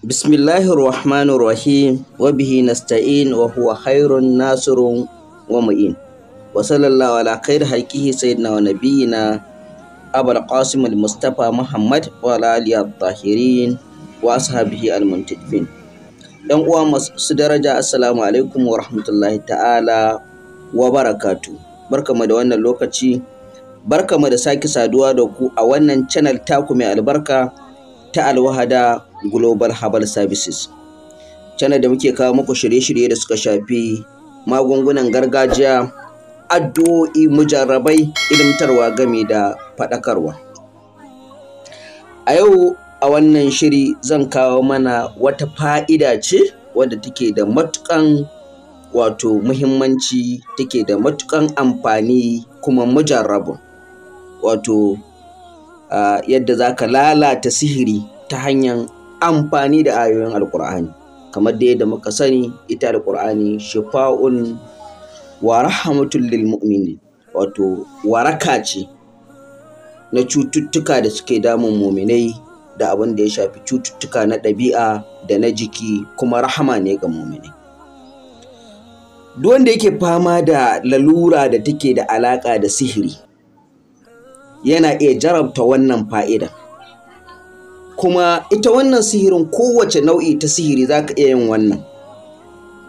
Bismillahir Rahmanir Rahim wa bihi nasta'in wa huwa khairun nasirun wa mu'in wa sallallahu ala khair halqihi sayyidina wa nabiyyina Abul Qasim al-Mustafa Muhammad wa ala alihi at-tahirin wa ashabihi uwa masu daraja assalamu alaikum wa rahmatullahi ta'ala wa barakatuh barkamu da wannan lokaci barkamu da saki saduwa da ku a wannan channel taku albarka ta alwahada Global Herbal Services. Channel da muke kawo muku shirye-shirye da suka shafi magungunan gargajiya, addu'o'i, mujarrabai, ilimtarwa game da faɗakarwa. A yau a wannan shiri zan kawo mana wata fa'ida ce wadda take da matukan wato muhimmanci take da matukan amfani kuma mujarrabu Wato uh, yadda za ka lalata sihiri ta hanyar amfani da ayoyin alkur'ani kamar da yadda muka sani ita alkur'ani shifa'un wa rahmatul lil wato waraka ce na cututtuka da suke damun muminai da abin da ya shafi cututtuka na ɗabi'a da na jiki kuma rahama ne ga muminai duk wanda yake fama da lalura da take da alaƙa da sihiri yana iya jarabta wannan fa'ida. kuma ita wannan sihirin kowace nau'i ta sihiri za ka iya yin wannan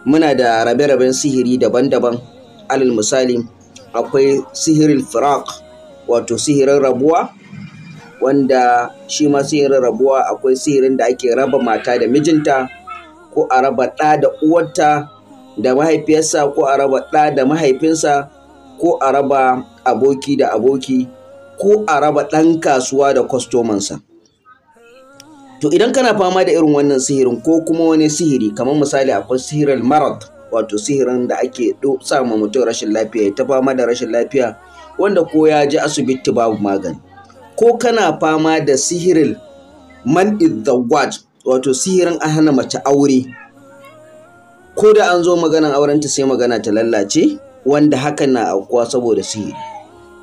muna da rabe-raben sihiri daban-daban alal misali akwai sihirin firak wato sihirin rabuwa wanda shi ma sihirin rabuwa akwai sihirin da ake raba mata da mijinta ko a raba ɗa da uwarta da mahaifiyarsa ko a raba ɗa da mahaifinsa ko a raba aboki da aboki ko a raba ɗan kasuwa da kwastomansa. To idan kana fama da irin wannan sihirin ko kuma wani sihiri kamar misali akwai sihirin marad wato sihirin da ake sa ma mutum rashin lafiya ta fama da rashin lafiya wanda ko ya ji asibiti babu magani. Ko kana fama da sihirin man the word, wato sihirin a hana mace aure ko da an zo maganan aurenta sai magana ta lallace wanda hakan na aukuwa saboda sihiri.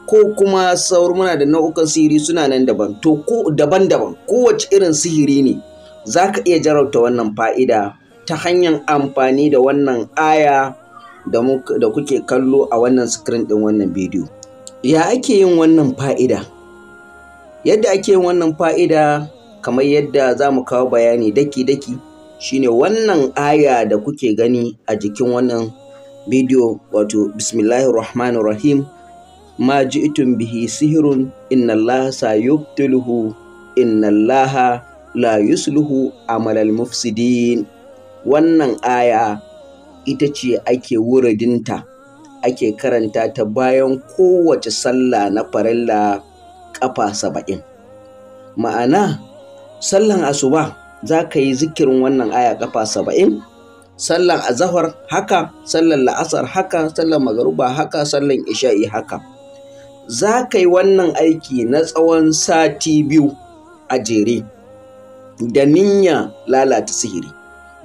ko kuma saur muna da nau'ukan sihiri suna nan daban to ko daban-daban kowace irin sihiri ne za ka iya jarauta wannan fa'ida ta hanyar amfani da wannan aya da kuke kallo a wannan screen ɗin wannan bidiyo ya ake yin wannan fa'ida yadda ake yin wannan fa'ida kamar yadda za mu kawo bayani daki-daki shine wannan aya da kuke gani a jikin wannan bidiyo wato bismillahir rahim ma ji'tum bihi sihirun inna allaha sayubtiluhu inna allaha la yusluhu amalal mufsidin wannan aya ita ce ake wuridinta ake karanta ta bayan kowace sallah na farilla ƙafa saba'in ma'ana sallan asuba za ka yi zikirin wannan aya ƙafa saba'in sallan azahar haka sallan la'asar haka sallan magaruba haka sallan isha'i haka za ka yi wannan aiki na tsawon sati biyu a jere da niyya lalata sihiri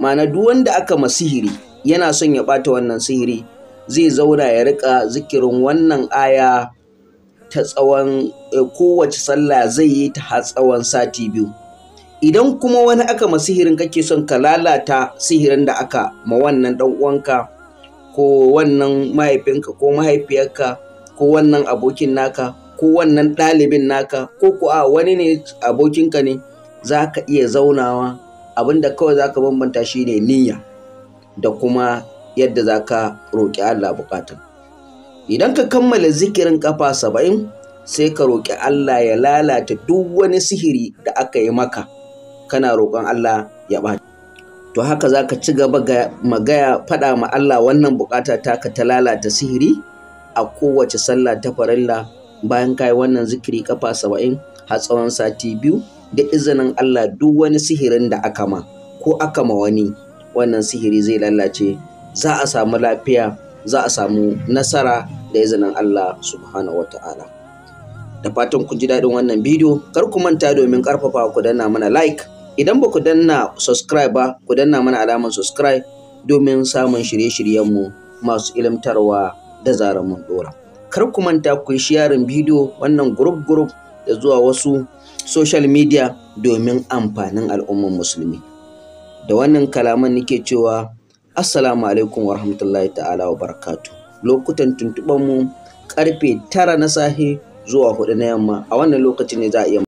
ma'ana duk wanda aka ma sihiri yana son ya ɓata wannan sihiri zai zauna ya rika zikirin wannan aya ta tsawon eh, kowace sallah zai yi ta tsawon sati biyu idan kuma wani aka ma sihirin kake son ka lalata sihirin da aka ma wannan dan uwanka ko wannan mahaifinka ko mahaifiyarka ko wannan abokin naka ko wannan ɗalibin naka ko kuwa wani ne abokinka ne za ka iya zaunawa abinda kawai za ka bambanta shi ne niyya da kuma yadda za ka roƙi Allah buƙatun. Idan ka kammala zikirin ƙafa saba'in sai ka roƙi Allah ya lalata duk wani sihiri da aka yi maka kana roƙon Allah ya ɓaci. To haka za ka ci gaba magaya faɗa ma Allah wannan ta ka ta lalata sihiri a kowace sallah ta farilla bayan kai wannan zikiri kafa saba'in har tsawon sati biyu da izinin Allah duk wani sihirin da aka ma ko aka ma wani wannan sihiri zai lalace za a samu lafiya za a samu nasara da izinin Allah subhanahu ta'ala. da fatan ku ji daɗin wannan bidiyo kar ku manta domin karfafa ku danna mana like idan ba ku danna subscribe ba ku danna mana alamar subscribe domin samun shirye-shiryenmu masu ilimtarwa da zarar mun ɗora. Kar ku manta ku yi sharing bidiyo wannan gurup-gurup da zuwa wasu social media domin amfanin al'ummar musulmi. Da wannan kalaman nake cewa Assalamu alaikum wa rahmatullahi ta'ala wa barakatu. Lokutan tuntuɓanmu karfe tara na sahe zuwa hudu na yamma a wannan lokacin ne za a iya